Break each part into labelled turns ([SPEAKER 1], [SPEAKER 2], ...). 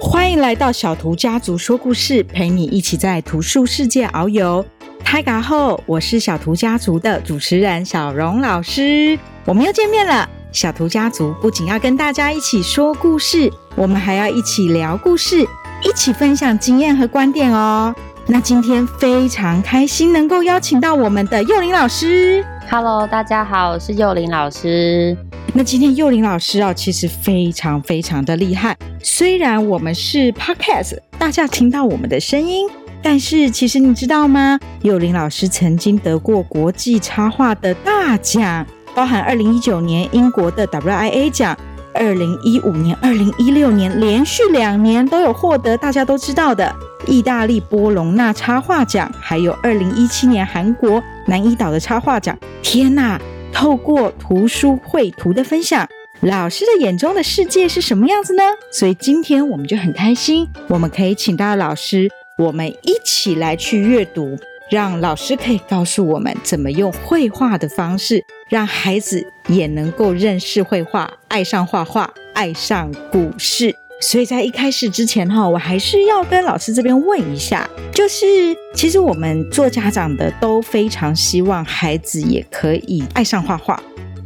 [SPEAKER 1] 歡迎來到小圖家族說故事，陪你一起在圖書世界遨遊。大家好，我是小圖家族的主持人曉蓉老師，我們又見面了。小圖家族不僅要跟大家一起說故事，我們還要一起聊故事，一起分享經驗和觀點哦。那今天非常
[SPEAKER 2] 開心能夠邀請到我們的又凌老師。Hello，大家好，我是又凌老師。
[SPEAKER 1] 那今天又凌老師啊，其實非常非常的厲害。雖然我們是 podcast，大家聽到我們的聲音，但是其實你知道嗎？又凌老師曾經得過國際插畫的大獎，包含二零一九年英國的 W I A 獎，二零一五年、二零一六年連續兩年都有獲得大家都知道的意大利波隆那插畫獎，還有二零一七年韓國南伊島的插畫獎。天哪、啊！透過圖書繪圖的分享，老師的眼中的世界是什麼樣子呢？所以今天我們就很開心，我們可以請到老師，我們一起來去閱讀，讓老師可以告訴我們怎麼用繪畫的方式，讓孩子也能夠認識繪畫，愛上畫畫，愛上故事。所以在一開始之前哈，我還是要跟老師這邊問一下。就是，其實我們做家長的都非常希望孩子也可以愛上畫畫，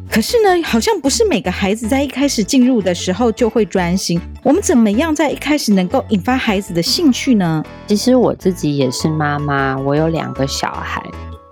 [SPEAKER 1] 可是呢，好像不是每個孩子在一開始進入的時候就會專心。我們怎麼樣在一
[SPEAKER 2] 開始能夠引發孩子的興趣呢？其實我自己也是媽媽，我有兩個小孩，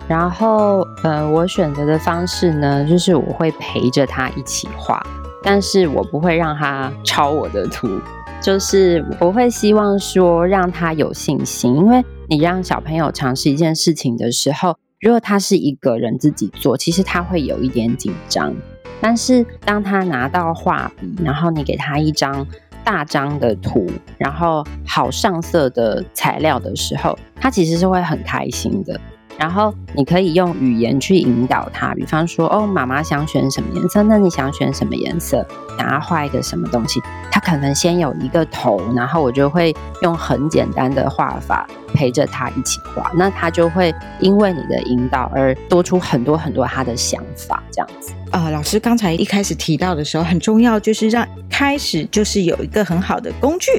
[SPEAKER 2] 然後呃，我選擇的方式呢，就是我會陪着他一起畫，但是我不會讓他抄我的圖，就是我會希望說讓他有信心，因為。你讓小朋友嘗試一件事情的時候，如果他是一個人自己做，其實他會有一點緊張。但是當他拿到畫筆，然後你給他一張大張的圖，然後好上色的材料的時候，他其實是會很開心的。然後你可以用語言去引導他，比方說，哦，媽媽想選什麼顏色？那你想選什麼顏色？想要畫一個什麼東西？他可能先有一個頭，然後我就會用很簡單的畫法陪着他一起畫，那他就會因為你的引導而多出很多很多他的想法，這樣子。啊、呃，老師
[SPEAKER 1] 剛才一開始提到的時候，很重要就是讓開始就是有一個很好的工具。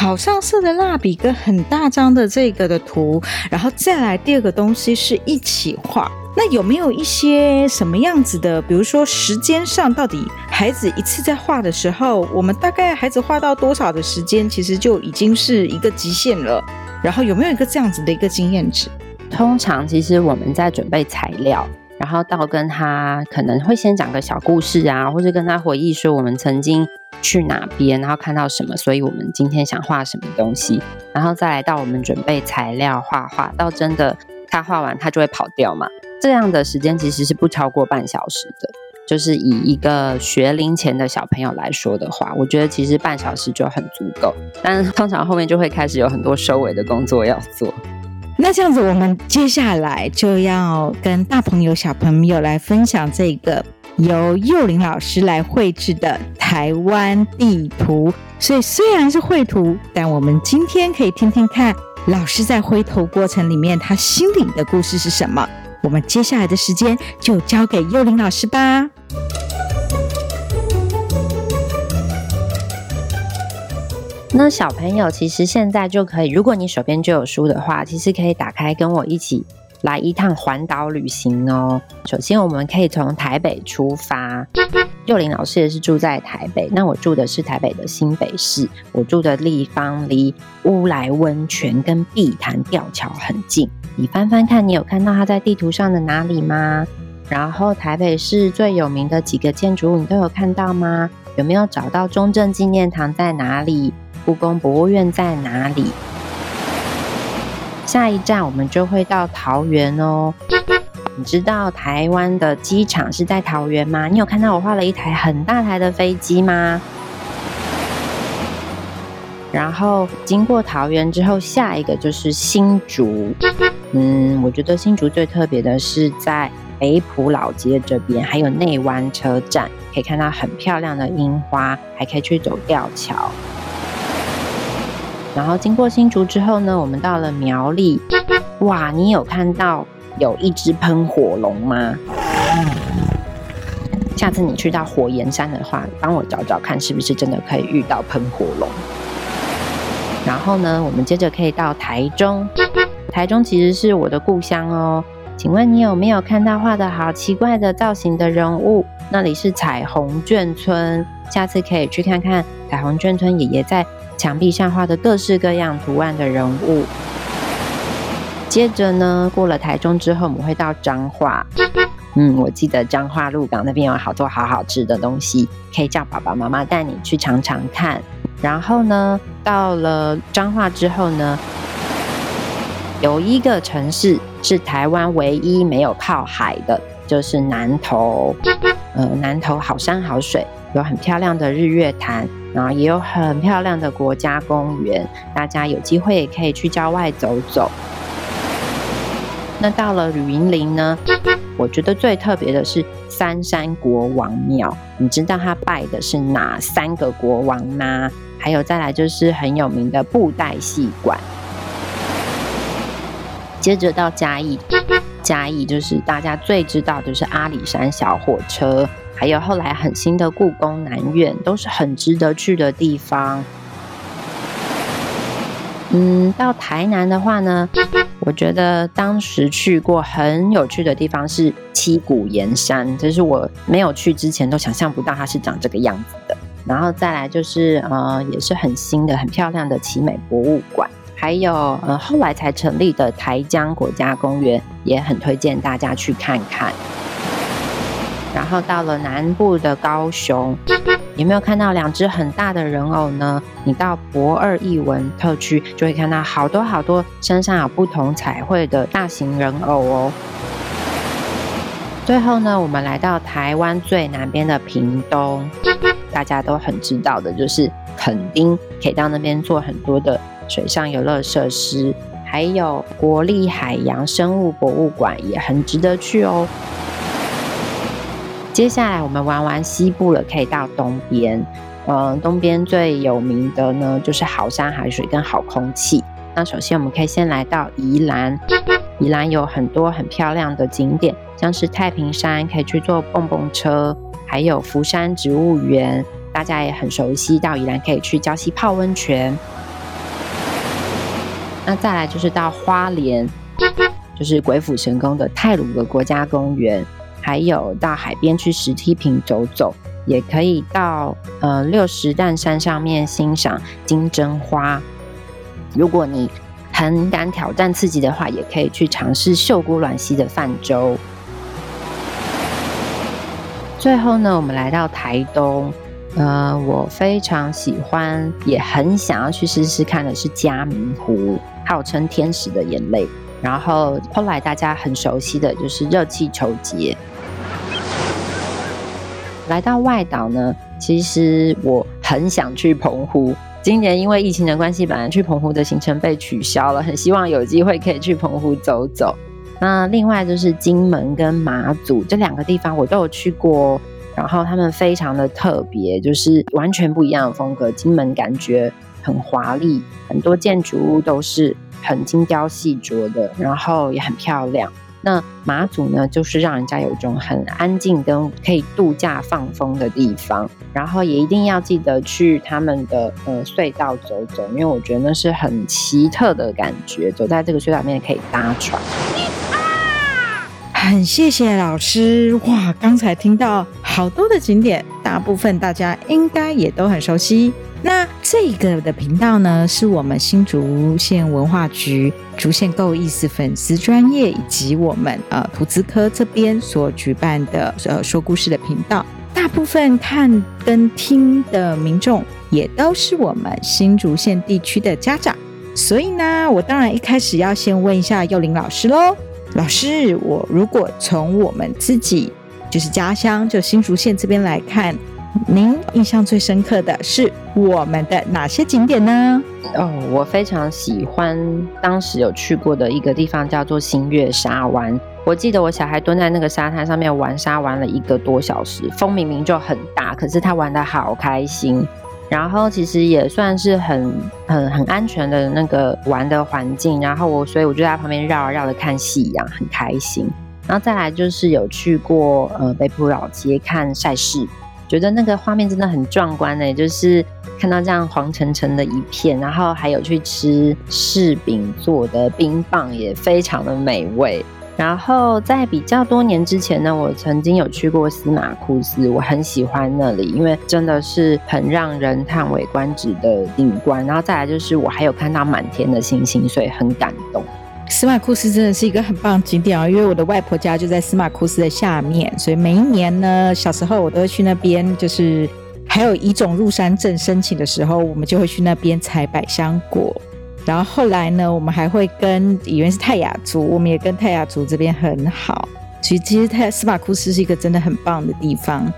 [SPEAKER 1] 好上色的蠟筆跟很大張的這個的圖，然後再來第二個東西是一起畫。那有沒有一些什麼樣子的？比如說時間上，到底孩子一次在畫的時候，我們大概孩子畫到多少的時間，
[SPEAKER 2] 其實就已經是一個極限了。然後有沒有一個這樣子的一個經驗值？通常其實我們在準備材料，然後到跟他可能會先講個小故事啊，或者跟他回憶說，我們曾經去哪邊，然後看到什麼，所以我們今天想畫什麼東西，然後再來到我們準備材料畫畫，到真的他畫完他就會跑掉嘛，這樣的時間其實是不超過半小時的，就是以一個學齡前的小朋友來說的話，我覺得其實半小時就很足夠，但通常後面就會開始有很多收尾的工作要做。
[SPEAKER 1] 那這樣子，我們接下來就要跟大朋友、小朋友來分享這個。由又凌老師來繪製的台灣地圖，所以雖然是繪圖，但我們今天可以聽聽看老師在繪圖過程裡面他心裡的故事是什麼。我們接下來的時間就交給又凌老師吧。
[SPEAKER 2] 那小朋友其實現在就可以，如果你手邊就有書的話，其實可以打開跟我一起。來一趟環島旅行哦！首先，我們可以從台北出發。又凌老師也是住在台北，那我住的是台北的新北市。我住的地方離烏來溫泉跟碧潭吊橋很近。你翻翻看，你有看到它在地圖上的哪裡嗎？然後，台北市最有名的幾個建築物，你都有看到嗎？有沒有找到中正紀念堂在哪裡？故宮博物院在哪裡？下一站我們就會到桃園哦，你知道台灣的機場是在桃園嗎？你有看到我畫了一台很大台的飛機嗎？然後經過桃園之後，下一個就是新竹。嗯，我覺得新竹最特別的是在北埔老街這邊，還有內灣車站，可以看到很漂亮的櫻花，還可以去走吊橋。然後經過新竹之後呢，我們到了苗栗。哇，你有看到有一隻噴火龍嗎？嗯、下次你去到火炎山的話，幫我找找看，是不是真的可以遇到噴火龍？然後呢，我們接着可以到台中。台中其實是我的故鄉哦。請問你有沒有看到畫得好奇怪的造型的人物？那裡是彩虹眷村，下次可以去看看彩虹眷村爺爺在牆壁上畫的各式各樣圖案的人物。接着呢，過了台中之後，我們會到彰化。嗯，我記得彰化鹿港那邊有好多好好吃的東西，可以叫爸爸媽媽帶你去嚐嚐看。然後呢，到了彰化之後呢，有一個城市是台灣唯一沒有靠海的，就是南投。呃，南投好山好水，有很漂亮的日月潭。然後也有很漂亮的國家公園，大家有機會也可以去郊外走走。那到了雲林呢？我覺得最特別的是三山國王廟，你知道他拜的是哪三個國王嗎？還有再來就是很有名的布袋戲館。接着到嘉義，嘉義就是大家最知道就是阿里山小火車。還有後來很新的故宮南院，都是很值得去的地方。嗯，到台南的話呢，我覺得當時去過很有趣的地方是七股鹽山，就是我沒有去之前都想象不到它是長這個樣子的。然後再來就是呃，也是很新的、很漂亮的奇美博物館，還有呃後來才成立的台江國家公園，也很推薦大家去看看。然後到了南部的高雄，有沒有看到兩隻很大的人偶呢？你到駁二藝文特區就會看到好多好多身上有不同彩繪的大型人偶哦。最後呢，我們來到台灣最南邊的屏東，大家都很知道的就是墾丁，可以到那邊做很多的水上遊樂設施，還有國立海洋生物博物館，也很值得去哦。接下來我們玩完西部了，可以到東邊。嗯、呃，東邊最有名的呢，就是好山好水跟好空氣。那首先我們可以先來到宜蘭，宜蘭有很多很漂亮的景點，像是太平山可以去坐蹦蹦車，還有福山植物園，大家也很熟悉。到宜蘭可以去礁溪泡溫泉。那再來就是到花蓮，就是鬼斧神工的太魯閣國家公園。還有到海邊去石梯坪走走，也可以到呃六十石山上面欣賞金針花。如果你很敢挑戰刺激的話，也可以去嘗試秀姑巒溪的泛舟。最後呢，我們來到台東，呃，我非常喜歡，也很想要去試試看的是嘉明湖，號稱天使的眼淚。然後後來大家很熟悉的就是熱氣球節。來到外島呢，其實我很想去澎湖。今年因為疫情的關係，本來去澎湖的行程被取消了，很希望有機會可以去澎湖走走。那另外就是金門跟馬祖這兩個地方，我都有去過。然後他們非常的特別，就是完全不一樣的風格。金門感覺很華麗，很多建築物都是，很精雕細琢的，然後也很漂亮。那馬祖呢，就是讓人家有一種很安靜跟可以度假放風的地方。然後也一定要記得去他們的呃隧道走走，因為我覺得那是很奇特的感覺。走在這個隧道裡面可以搭船。
[SPEAKER 1] 很謝謝老師。哇！剛才聽到好多的景點，大部分大家應該也都很熟悉。那這個的頻道呢，是我們新竹縣文化局竹縣夠意思粉絲專頁以及我們呃圖資科這邊所舉辦的呃說故事的頻道。大部分看跟聽的民眾也都是我們新竹縣地區的家長，所以呢，我當然一開始要先問一下又凌老師嘍。老師，我如果從我們自己就是家鄉就新竹縣這邊來
[SPEAKER 2] 看。您印象最深刻的是我們的哪些景點呢？哦，我非常喜歡當時有去過的一個地方，叫做新月沙灣。我記得我小孩蹲在那個沙灘上面玩沙，玩了一個多小時。風明明就很大，可是他玩得好開心。然後其實也算是很很很安全的那個玩的環境。然後我所以我就在旁邊繞啊繞的看戲一樣，很開心。然後再來就是有去過呃北埔老街看賽事。覺得那個畫面真的很壯觀呢，欸，就是看到這樣黃橙橙的一片，然後還有去吃柿餅做的冰棒，也非常的美味。然後在比較多年之前呢，我曾經有去過司馬庫斯，我很喜歡那裡，因為真的是很讓人嘆為觀止的景觀。然後再來就是我還有看到滿天的星星，所以很感動。
[SPEAKER 1] 司馬庫斯真的是一個很棒景點哦，因為我的外婆家就在司馬庫斯的下面，所以每一年呢，小時候我都會去那邊。就是還有一種入山證申請的時候，我們就會去那邊採百香果。然後後來呢，我們還會跟以為是泰雅族，我們也跟泰雅族這邊很好。其實，其實泰雅斯馬庫斯是一個真的很棒的地方。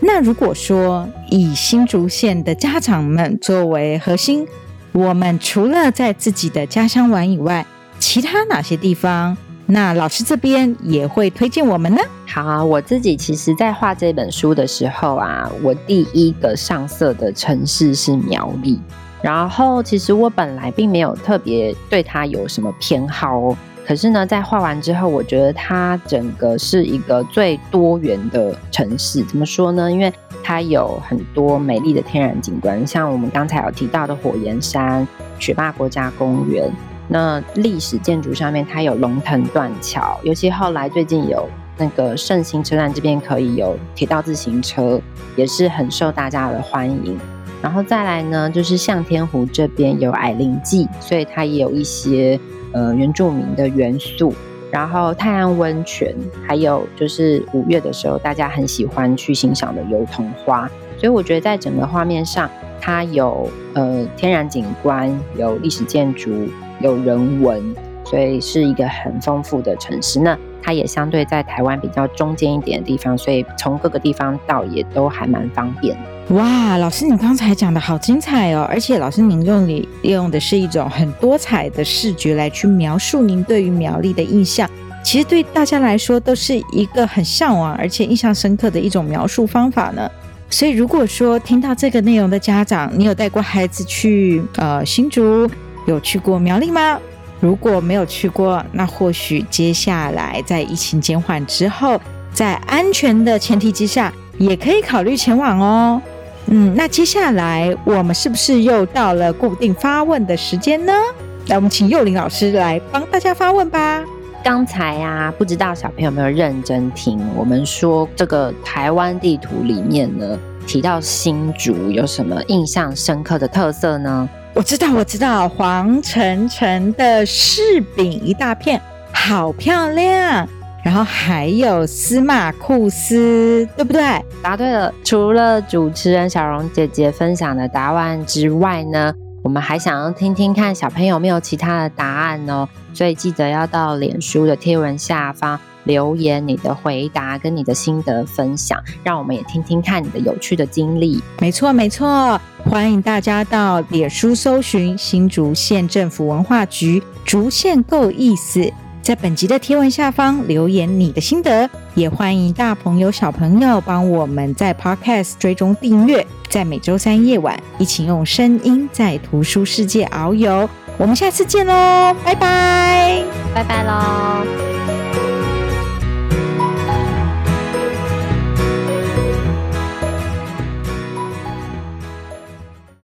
[SPEAKER 1] 那如果說以新竹縣的家長們作為核心，我們除了在自己的家鄉玩以外，其他哪些地方？那老
[SPEAKER 2] 師這邊也會推薦我們呢？好，我自己其實在畫這本書的時候啊，我第一個上色的城市是苗栗。然後，其實我本來並沒有特別對它有什麼偏好哦。可是呢，在畫完之後，我覺得它整個是一個最多元的城市。怎麼說呢？因為它有很多美麗的天然景觀，像我們剛才有提到的火焰山、雪霸國家公園。那歷史建築，上面，它有龍騰斷橋，尤其後來最近有那個勝興車站這邊可以有鐵道自行車，也是很受大家的歡迎。然後再來呢，就是向天湖這邊有矮靈祭，所以它也有一些呃原住民的元素。然後泰安溫泉，還有就是五月的時候，大家很喜歡去欣賞的油桐花。所以我覺得在整個畫面上，它有呃天然景觀，有歷史建築。有人文，所以是一個很豐富的城市。那它也相對在台灣比較中間一點的地方，所以從各個地方到也都還蠻方便。
[SPEAKER 1] 哇，老師，你剛才講的好精彩哦！而且老師，您用你利用的是一種很多彩的視覺來去描述您對於苗栗的印象，其實對大家來說都是一個很向往而且印象深刻的一種描述方法呢。所以如果說聽到這個內容的家長，你有帶過孩子去呃新竹，有去過苗栗嗎？如果沒有去過，那或許接下來在疫情減緩之後，在安全的前提之下，也可以考慮前往哦。嗯，那接下來我們是不是又到了固定發
[SPEAKER 2] 問的時間呢？來，我們請又凌老師來幫大家發問吧。剛才呀、啊，不知道小朋友有沒有認真聽我們說這個台灣地圖裡面呢，提到新竹有什麼印象深刻的特色呢？我知道，我
[SPEAKER 1] 知道，黃澄澄的柿餅一大片，好漂
[SPEAKER 2] 亮。然後還有司馬庫斯，對不對？答對了。除了主持人小蓉姐姐分享的答案之外呢，我們還想要聽聽看小朋友有沒有其他的答案哦。所以記得要到臉書的貼文下方。留言你的回答跟你的心得分享，讓我們也聽聽看你的有趣的經歷。沒錯沒錯，歡迎大家到臉書搜尋
[SPEAKER 1] 新竹縣政府文化局竹縣夠意思，在本集的貼文下方留言你的心得，也歡迎大朋友小朋友幫我們在 Podcast 追蹤訂閱，在每周三夜晚一起用聲音在圖書世界遨遊。我們下次見嘍，拜拜，
[SPEAKER 2] 拜拜嘍。